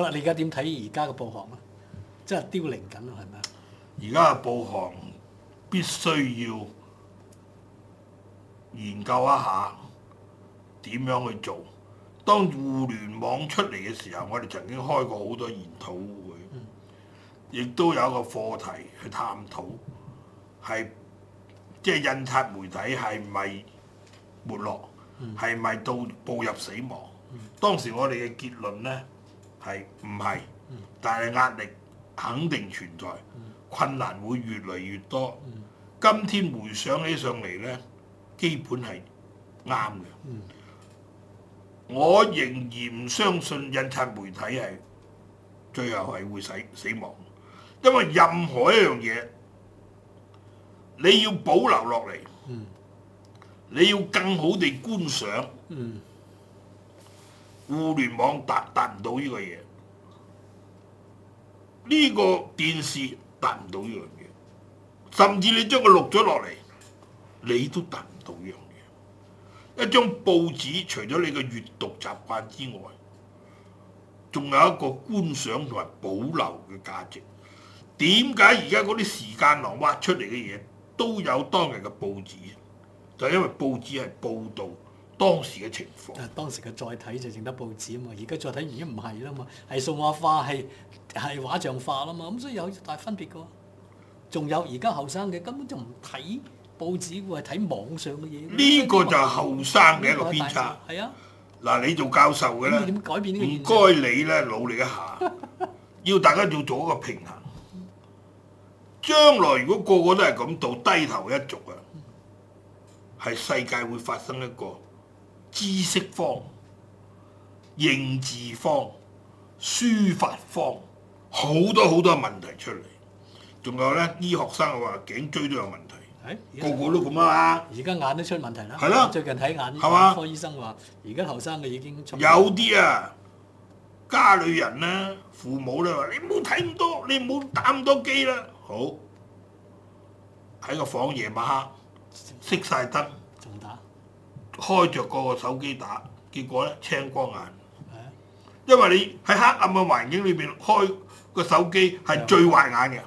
好啦，你而家點睇而家嘅報行咧？即係凋零緊啦，係咪？而家嘅報行必須要研究一下點樣去做。當互聯網出嚟嘅時候，我哋曾經開過好多研討會，亦、嗯、都有一個課題去探討，係即係印刷媒體係咪沒落，係咪、嗯、到步入死亡？嗯、當時我哋嘅結論咧。係唔係？但係壓力肯定存在，嗯、困難會越嚟越多。嗯、今天回想起上嚟呢，基本係啱嘅。嗯、我仍然唔相信印刷媒體係最後係會死死亡，因為任何一樣嘢你要保留落嚟，嗯、你要更好地觀賞。嗯嗯互聯網達達唔到呢個嘢，呢個電視達唔到呢樣嘢，甚至你將佢錄咗落嚟，你都達唔到呢樣嘢。一張報紙除咗你嘅閱讀習慣之外，仲有一個觀賞同埋保留嘅價值。點解而家嗰啲時間廊挖出嚟嘅嘢都有當日嘅報紙？就係因為報紙係報導。當時嘅情況，當時嘅再睇就淨得報紙啊嘛，而家再睇已經唔係啦嘛，係數碼化，係係畫像化啦嘛，咁所以有大分別㗎。仲有而家後生嘅根本就唔睇報紙，會係睇網上嘅嘢。呢、嗯、以個就係後生嘅一個偏差。係啊，嗱，你做教授嘅咧，點改變呢？唔該你咧，努力一下， 要大家要做一個平衡。將來如果個個都係咁做，低頭一族啊，係世界會發生一個。知識方、認字方、書法方，好多好多問題出嚟。仲有呢醫學生話頸椎都有問題，的個個都咁啊嘛。而家眼都出問題啦。係咯的，最近睇眼科醫生話，而家後生嘅已經出問題有啲啊，家裏人咧、啊、父母咧話：你唔好睇咁多，你唔好打咁多機啦。好，喺個房夜晚黑熄晒燈。開着個手機打，結果咧，青光眼，因為你喺黑暗嘅環境裏面開個手機係最壞眼嘅，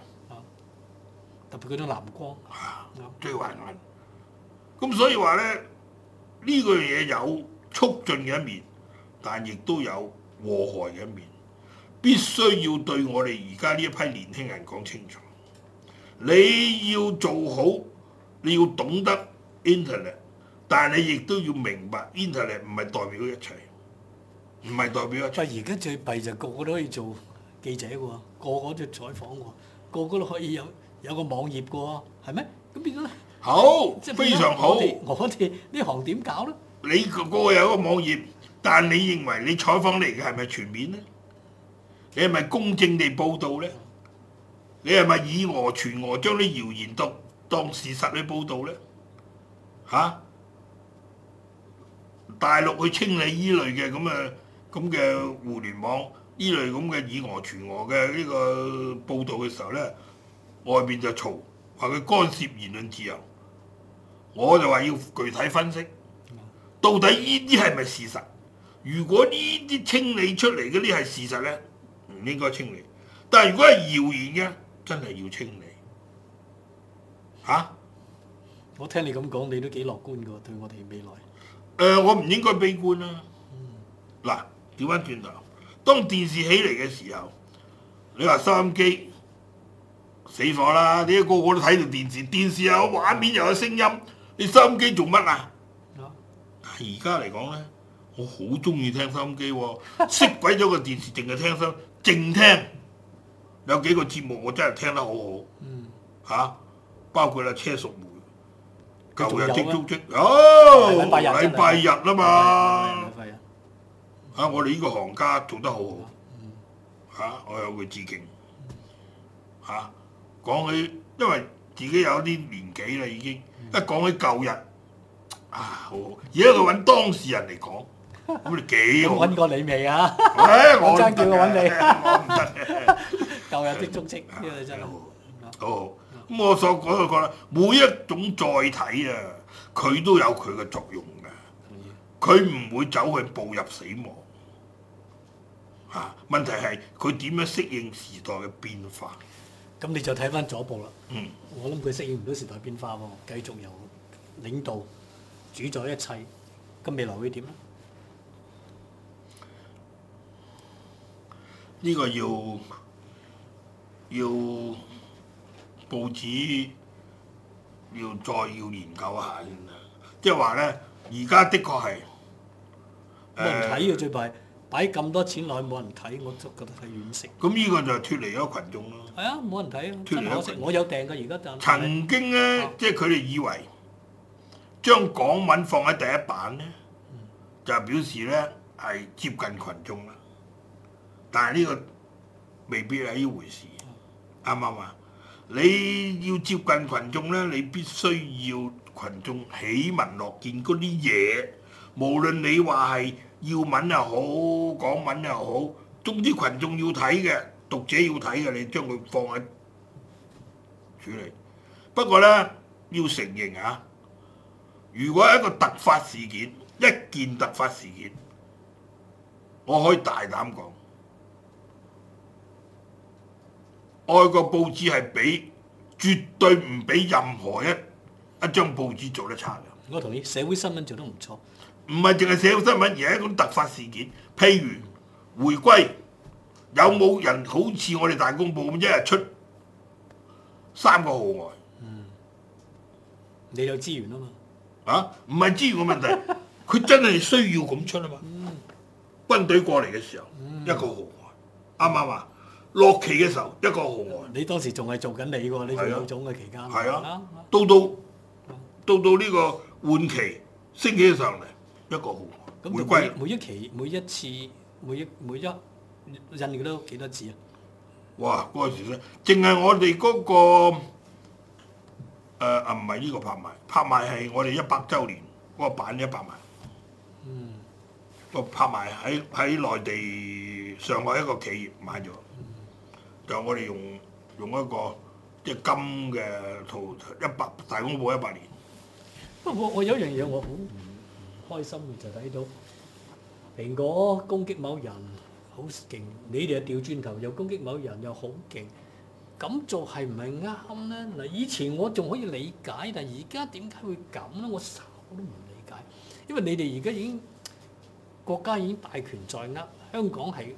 特別嗰種藍光、啊，最壞眼。咁所以話呢，呢、呢個嘢有促進嘅一面，但亦都有禍害嘅一面。必須要對我哋而家呢一批年輕人講清楚，你要做好，你要懂得 internet。但係你亦都要明白，Internet 唔係代表一切，唔係代表一切。而家最弊就個個都可以做記者喎，個個都採訪喎，個個都可以有有個網頁喎，係咩？咁變咗咧？好，即係是非常好。我哋呢行點搞咧？你個個有個網頁，但你認為你採訪嚟嘅係咪全面咧？你係咪公正地報導咧？你係咪以訛傳訛，將啲謠言當當事實去報導咧？吓、啊？大陸去清理呢類嘅咁嘅咁嘅互聯網呢類咁嘅以訛傳訛嘅呢個報導嘅時候呢，外邊就嘈話佢干涉言論自由，我就話要具體分析到底呢啲係咪事實。如果呢啲清理出嚟嗰啲係事實呢，唔應該清理；但係如果係謠言嘅，真係要清理。嚇、啊！我聽你咁講，你都幾樂觀㗎，對我哋未來。誒、呃，我唔應該悲觀啦、啊。嗱，調翻轉頭，當電視起嚟嘅時候，你話收音機死火啦！一、這個個都睇住電視，電視又有畫面又有聲音，你收音機做乜啊？而家嚟講呢，我好中意聽收音機喎、啊， 熄鬼咗個電視，淨係聽聲，靜聽。有幾個節目我真係聽得好好。嗯、啊。包括啦車淑梅。舊日足跡哦，禮拜日啊嘛，嚇、啊！我哋呢個行家做得好好，嚇、啊！我又會致敬嚇。講起，因為自己有啲年紀啦，已經一講起舊日啊，好好，而家佢揾當事人嚟講，咁你幾好？揾 過你未、哎、 啊？我、啊啊啊、真好，叫佢揾你，我唔得。舊日足跡，呢個真係好好。我所講就講啦，每一種載體啊，佢都有佢嘅作用嘅，佢唔、嗯、會走去步入死亡。啊，問題係佢點樣適應時代嘅變化？咁你就睇返左部啦。嗯，我諗佢適應唔到時代變化喎，繼續由領導主宰一切，咁未來會點呢？呢個要要。報紙要再要研究一下先啦，即係話咧，而家的確係冇人睇嘅。呃、最弊擺咁多錢落去冇人睇，我就覺得係惋惜。咁呢個就脫離咗群眾咯。係啊，冇人睇啊！脫離咗，我有訂嘅，而家就是、曾經咧，哦、即係佢哋以為將港文放喺第一版咧，就表示咧係接近群眾啦。但係呢個未必係呢回事，啱唔啱啊？你要接近群眾咧，你必須要群眾喜聞樂見嗰啲嘢，無論你話係要文又好，講文又好，總之群眾要睇嘅，讀者要睇嘅，你將佢放喺處理。不過咧，要承認啊，如果一個突發事件，一件突發事件，我可以大膽講。愛國報紙係俾絕對唔俾任何一一張報紙做得差嘅。我同意，社會新聞做得唔錯，唔係淨係社會新聞，而係一種突發事件，譬如回歸，有冇人好似我哋大公報咁一日出三個號外？嗯，你有資源啊嘛？啊，唔係資源嘅問題，佢 真係需要咁出啊嘛。嗯，軍隊過嚟嘅時候，一個號外，啱唔啱啊？落期嘅時候一個號，你當時仲係做緊你喎？你儲有總嘅期間，係啊，啊，到到到到呢個換期升起上嚟一個號，每季每一期每一次每一，每一印佢都幾多紙啊？哇！嗰、那個、時咧，淨係我哋嗰、那個啊，唔係呢個拍賣，拍賣係我哋一百週年嗰、那個版一百萬，嗯，個拍賣喺喺內地上海一個企業買咗。就我哋用用一個即係、就是、金嘅圖，一百大公報一百年。不過我有一樣嘢，我好唔開心就睇到蘋果攻擊某人好勁，你哋又調轉頭又攻擊某人又好勁，咁做係唔係啱呢？嗱，以前我仲可以理解，但係而家點解會咁呢？我稍都唔理解，因為你哋而家已經國家已經大權在握，香港係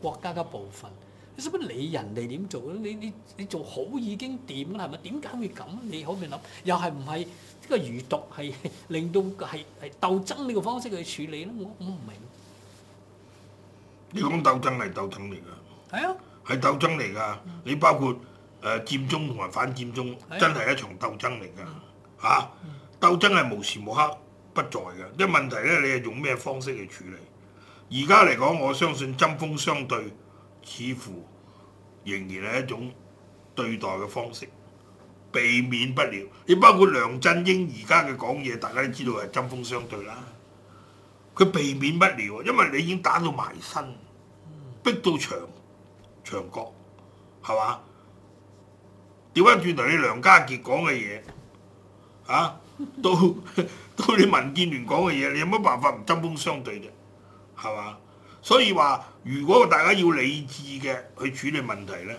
國家嘅部分。你使乜理人哋點做咧？你你你做好已經掂啦，係咪？點解會咁？你可唔可以諗？又係唔係呢個餘毒係令到個係係鬥爭呢個方式去處理咧？我我唔明。你講鬥爭係鬥爭嚟㗎？係啊，係鬥爭嚟㗎。你包括誒佔中同埋反佔中，真係一場鬥爭嚟㗎嚇！鬥爭係無時無刻不在㗎。啲問題咧，你係用咩方式去處理？而家嚟講，我相信針鋒相對。似乎仍然係一種對待嘅方式，避免不了。你包括梁振英而家嘅講嘢，大家都知道係針鋒相對啦。佢避免不了，因為你已經打到埋身，逼到牆牆角，係嘛？掉返轉頭，你梁家傑講嘅嘢，啊，到到你民建聯講嘅嘢，你有乜辦法唔針鋒相對啫？係嘛？所以話，如果大家要理智嘅去處理問題呢，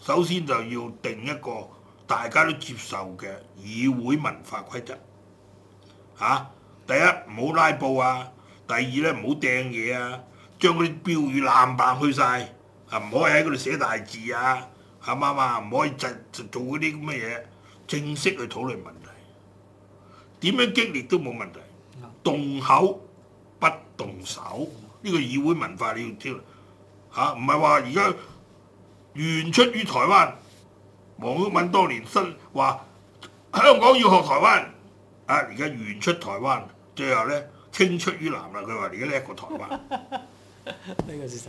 首先就要定一個大家都接受嘅議會文化規則。嚇、啊，第一唔好拉布啊，第二呢唔好掟嘢啊，將嗰啲標語攬掹去晒，啊，唔可以喺嗰度寫大字啊，啱唔啱啊？唔可以就，就做嗰啲咁嘅嘢，正式去討論問題。點樣激烈都冇問題，動口不動手。呢個議會文化你要知，啦、啊，唔係話而家原出於台灣，黃毓民當年申話香港要學台灣，啊而家原出台灣，最後咧青出於藍啦，佢話而家叻過台灣。呢個 事實。